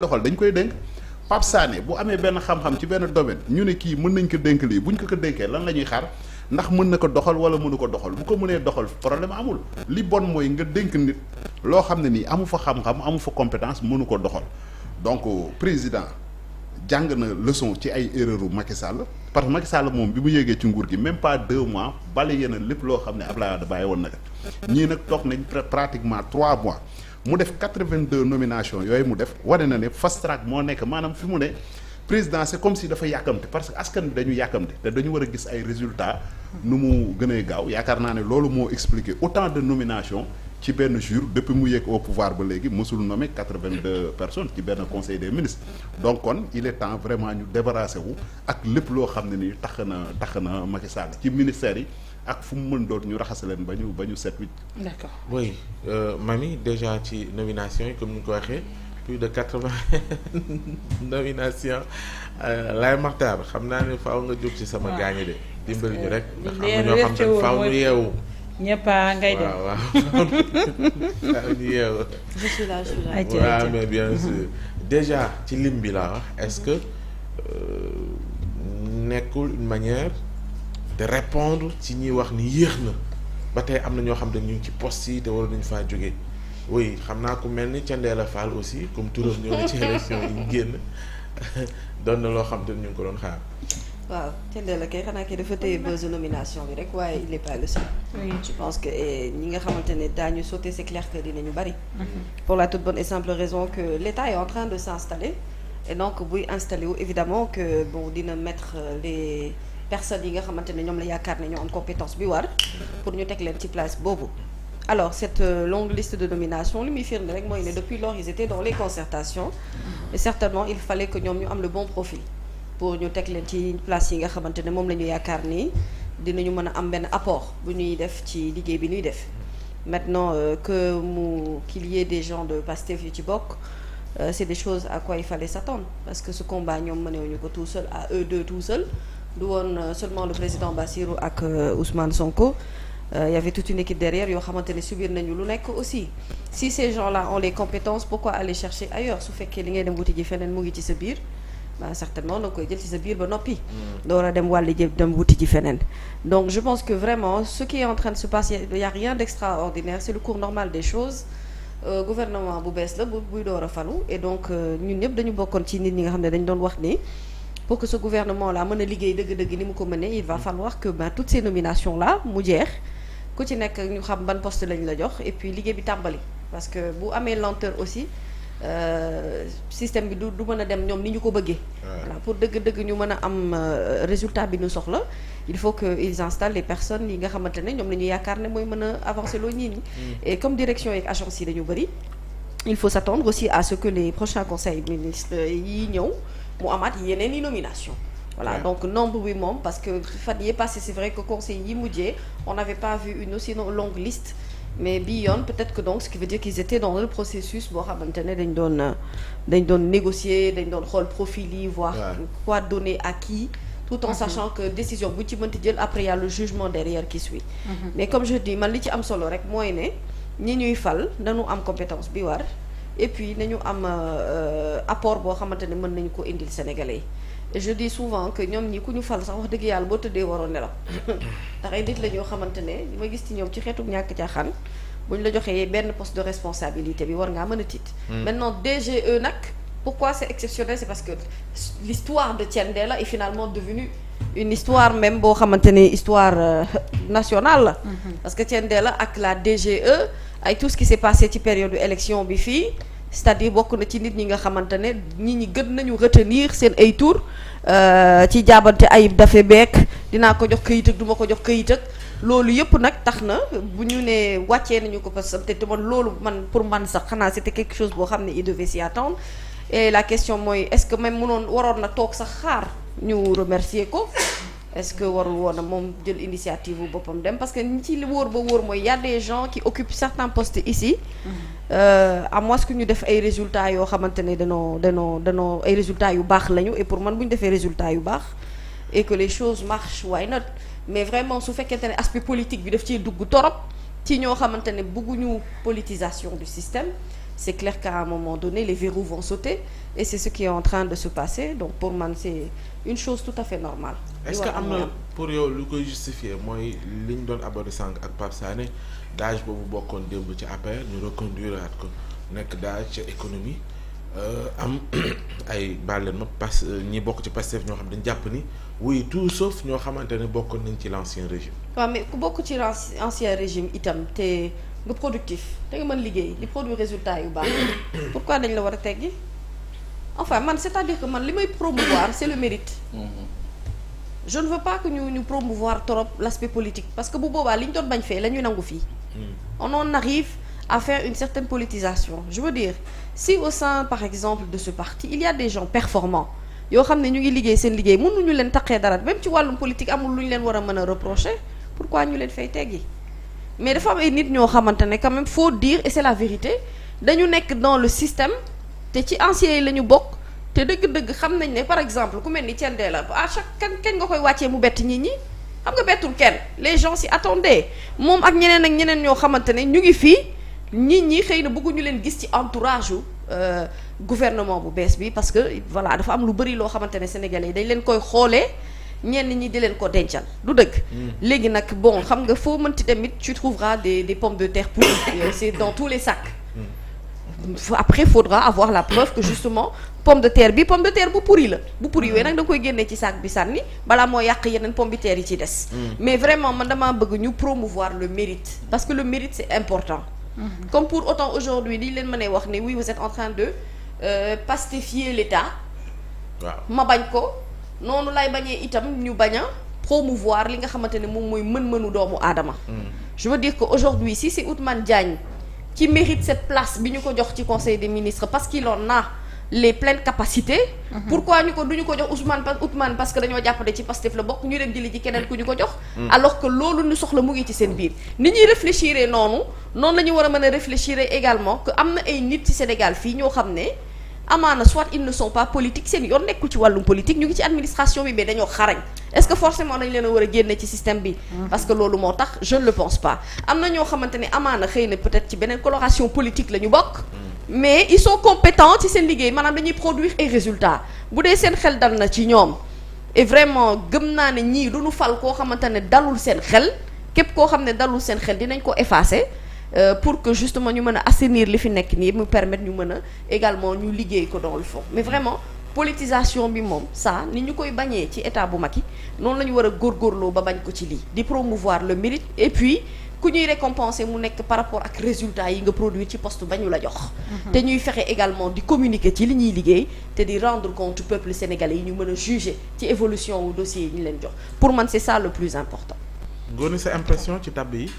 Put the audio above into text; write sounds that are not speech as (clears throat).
doxal dañ koy dénk Pape Sané bu amee benn xam-xam ci benn domaine ñu ne kii mën nañ ko dénk lii buñ ko ko dénkee lan la ñuy xaar ndax mën na ko doxal wala mënu ko doxal bu ko mënee doxal problème amul li bon mooy nga dénk nit loo xam ne nii amu fa xam-xam amu fa compétence mënu ko doxal donc euh, président jàng na leçon ci ay erreur u Macky Sall parce que Macky Sall moom bi mu yéegee ci nguur gi même pas deux mois balayé na lépp loo xam ne Abdoulaye Wade bàyyi woon na ñii nag toog nañ pratiquement trois mois mu def quatre 82 nominations yooyu mu def wane na ne fast moo nekk maanaam fi mu ne président c'est comme si dafa yàkkamte parce que askan bi dañu yàkkamte te dañu war a gis ay résultat nu mu gën gaaw yaakaar naa ne loolu moo expliquer autant de nomination ci benn jour depuis mu yegg au pouvoir ba léegi mësul nommé 82 personnes ci benn conseil des ministres donc kon il est temps vraiment ñu débarrasser wu ak lépp loo xam ne nii tax na tax na Macky Sall ci ministère yi ak fu mu mën doon ñu raxas leen ba ñu ba ñu set wicc. Euh, mami déjà ci nomination yi comme ni ko waxee plus de quatre-vingts (laughs) nomination euh, Laye Makhtar xam naa ne faaw nga jóg ci sama. gaañi de dimbali ñu rek. nga xam ne yeewu. ñëpp ngay dem waaw waaw (laughs) yeewu. déjà ci lim bi laa wax est-ce que euh, nekkul une manière. te répondre ci ñuy wax ni yéex na ba tey am na ñoo xam ne ñu ngi ci poste yi te waroon nañu faa jógee oui xam naa ku mel ni Thiendella Fall aussi comme turam ñëw na ci (laughs) élection yi ñu génn (laughs) doon loo xam ne ñu ngi ko doon xaar. waaw Thiendella kay xanaa kay dafa téye buzz nomination bi rek waaye il est pas le seul. oui je pense que eh, ñi nga xamante ne daañu sauter c'est clair que ñu bari. Mhm. pour la toute bonne et simple raison que l'État est en train de s'installer et donc personnes yi nga xamante ne ñoom la yaakaar ne ñoo am compétence bi war pour ñu teg leen ci place boobu alors cette euh, longue liste de nomination li muy firnde rek mooy ne depuis lors ils étaient dans les concertations et certainement il fallait que ñoom ñu am le bon profil pour ñu teg leen ci place yi nga xamante ne moom la ñu yaakaar ni dinañu mën a am benn apport bu ñuy def ci liggéey bi ñuy def maintenant euh, que mu qu'il y ait des gens de Pastef yi ci bokk euh, c'est des choses à quoi il fallait s'attendre parce que ce combat ñoom ko tout seul à eux du woon euh, seulement le président Bassirou ak euh, Ousmane Sonko il euh, y avait toute une équipe derrière yoo xamante ne biir nañu lu nekk aussi si ces gens-là ont les compétences pourquoi aller chercher ailleurs su fekkee li ngay dem wuti ji feneen mu ngi ci sa biir bah certainement da nga koy jël ci sa biir ba noppi mm. door a dem wàlli ji dem wuti ji feneen donc je pense que vraiment ce qui est en train de se a rien d'extraordinaire c'est le cours normal des choses gouvernement bu bees la bu buy door a falu et donc ñun ñëpp dañu bokkoon ci nit ñi nga xam ne dañu doon wax ni pour que ce gouvernement là mën a liggéey dëgg-dëgg ni mu ko mënee il va falloir que ben toutes ces nominations là mu jeex ku ci nekk ñu xam ban poste lañ la jox et puis liggéey bi tàmbali parce que bu amee lenteur aussi Euh, système bi du du mën a dem ñoom ni ñu ko bëggee. voilà pour dëgg-dëgg ñu mën a am euh, résultat bi ñu soxla il faut que ils installent les personnes yi nga xamante ne ñoom la ñu yaakaar ne mooy mën a avancer loo ñii ñi mm. et comme direction yeeg agence yi dañu bëri il faut s'attendre aussi à ce que les prochains conseils ministres yi ñëw. mu amaat yeneen i nomination voilà donc nombre bi moom parce que fan yii passé c'est vrai que conseil yi mujjee on n'avait pas vu une aussi longue liste mais bi yoon peut-être que donc ce qui veut dire qu'ils étaient dans le processus boo xamante ne dañ doon dañ doon négocier dañ doon xool profil yi voir quoi donner à qui tout en mm sachant que décision bu ci mënti jël après y a le jugement derrière qui suit mm mais comme je dis man li ci am solo rek mooy ne ñi ñuy am compétence bi war et puis nañu am euh, euh, apport boo xamante ne mën nañu ko indil sénégalais yi je dis souvent que ñoom ñi ku ñu fal sax wax dëgg yàlla boo tëddee waroo nelaw (coughs) ndax ay nit la ñoo xamante ne li ma gis ci ñoom ci xeetu ñàkk ca caaxaan bu ñu la joxee benn poste de responsabilité bi war ngaa mën a tiit hmm. maintenant DGE nag pourquoi c'est exceptionnel c'est parce que l'histoire de Tiendela est finalement devenue une histoire même boo xamante ni histoire euh, nationale la. Mm-hmm. parce que Tiendella la ak la DGE ay tout ce qui s'est passé ci période élection bi fii cest à bokk na ci nit ñi nga xamante ne nit ñi gën nañu retenir seen ay tour euh, ci jaabante ayib dafe beek dinaa ko jox këyit duma ko jox këyit ak loolu yëpp nag tax na bu ñu ne wàccee nañu ko parce que te man loolu man pour man sax xanaa c'était quelque chose boo xam ne il devait s'y attendre et la question mooy est-ce que même mënoon waroon na toog sax xaar ñu remercier ko est-ce que warul woon a moom jël initiative bu boppam dem parce que ñi ci wóor ba wóor mooy y a des gens qui occupent certains postes ici euh, à moins que ñu def ay résultats yoo xamante ne danoo danoo danoo ay résultats yu baax lañu et pour man bu ñu defee résultat yu baax et que les choses marchent mais vraiment su fekkente ne aspect politique bi def ciy dugg torop ci ñoo xamante ne bëgguñu politisation du système c'est clair qu'à un moment donné les verrous vont sauter et c'est ce qui est en train de se passer pour man c'est une chose tout à fait normale. est-ce que am na pour yo lu koy justifier mooy li ñu doon aborder sànq ak Pape Sané dage boobu bokkoon démb ci APR ñu reconduiraat ko nekk daaj ca économie. Euh, am (clears throat) ay baal leen ma parce euh, ñi bokk ci Pastef ñoo xam dañ jàpp ni oui tout sauf ñoo xamante ne bokkoon nañ ci l' ancien régime. waaw mais ku bokk ci ancien régime itam te nga productif te nga mën liggéey li produit résultat yu baax (clears throat) pourquoi dañ la war a teg teggi enfin man c' est à dire que man li may promouvoir c' le mérite. Mm-hmm. je ne veux pas que ñu ñu promouvoir trop l' aspect politique parce que bu boobaa li ñu doon bañ fee la ñu nangu fii. Mm. on en arrive. à une certaine politisation je veux dire si au sein par exemple de ce parti il y a des gens performants yoo xam ne ñu ngi liggéey seen liggéey mënuñu leen taqee dara même ci wàllum politique amul lu ñu leen war a mën a reprocher pourquoi ñu leen fay teggi mais dafa am ay nit ñoo xamante ne quand même faut dire et c'est la vérité dañu nekk dans le système te ci anciens yi la ñu bokk te dëgg-dëgg xam nañ ne par exemple ku mel ni Thiendella la à chaque kañ kañ nga koy wàccee mu bett nit ñi xam nga bettul kenn les gens s'y moom ak ñeneen ak ñeneen ñoo xamante ne ñu ngi fii nit ñi xëy na bëgguñu leen gis ci entourage yu euh, gouvernement bu bees bi parce que voilà dafa am lu bëri loo xamante ne sénégalais yi dañ leen koy xoolee ñenn ñi di leen ko dencal du dëkk mm. léegi nag bon xam nga foo mënti ti tu trouveras des des pommes de terre pourries c'est dans tous les sacs. Mm. après faudra avoir la preuve que justement pomme de terre bi pomme de terre bu pourri la bu pourri wee nag da nga koy génnee ci saak bi sànni balaa moo yàq yeneen pomme de terre yi ci des. Mm. mais vraiment man damaa bëgg ñu promouvoir le mérite. parce que le mérite c'est important. comme pour autant aujourd'hui lii leen mënee wax ne oui vous êtes en train de euh, pastifier l'État waaw ma bañ ko noonu laay bañee itam ñu bañ a promouvoir li nga xamante ne moom mooy mën-mënu doomu aadama mm. je veux dire que aujourd'hui si c'est Ousmane Diagne qui mérite cette place bi ñu ko jox ci conseil des ministres parce qu'il en a les plen capacités. Mhm. pourquoi ñu ko du ñu ko jox Ousmane Pa Ousmane parce que dañoo jàppale ci Pastef la bokk ñu dem jëli ji keneen ku ñu ko jox. Mhm. alors que loolu ñu soxla mu ngi ci seen biir. ni ñuy réfléchir noonu noonu la war a mën a réfléchir également que am na ay nit ci Sénégal fii ñoo xam ne amaana soit ils ne sont pas politiques seen yoon nekkul ci wàllum politique ñu ngi ci administration bi mais dañoo xarañ est-ce que forcément dañ leen a a génne ci système bi. Mhm. na xëy na peut-être ci beneen coloration politique la bokk. mais il sont compétents ci seen liggéey maanaam dañuy produire ay résultats bu dee seen xel dal na ci ñoom et vraiment gëm naa ne ñii du nu fal koo xamante ne dalul seen xel képp koo xam ne dalul seen xel dinañ ko effacer. Euh, pour que justement ñu mën a assainir li fi nekk nii mu permettre ñu mën a également ñu liggéey ko dans foofu mais vraiment politisation bi moom saa ni ñu koy bañee ci état bu mag yi noonu la ñu war a góor góorgóorloo ba bañ ko ci lii di promouvoir le mérite et puis ku ñuy récompenser mu nekk par rapport ak résultat yi nga produire ci poste ba ñu la jox mhm. te ñuy fexe également di communiquer ci li ñuy liggéey te di rendre compte peuple sénégale yi ñu mën a juger ci évolution wu dossier yi ñu leen jox pour man c'est ça le plus important Ngone sa impression ci tab yi